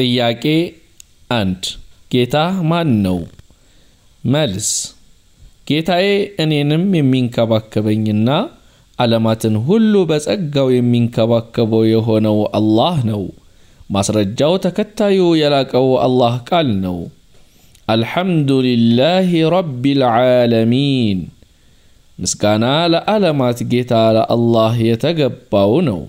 ጥያቄ አንድ ጌታ ማን ነው? መልስ ጌታዬ እኔንም የሚንከባከበኝና ዓለማትን ሁሉ በጸጋው የሚንከባከበው የሆነው አላህ ነው። ማስረጃው ተከታዩ የላቀው አላህ ቃል ነው። አልሐምዱ ልላህ ረቢ ልዓለሚን ምስጋና ለዓለማት ጌታ ለአላህ የተገባው ነው።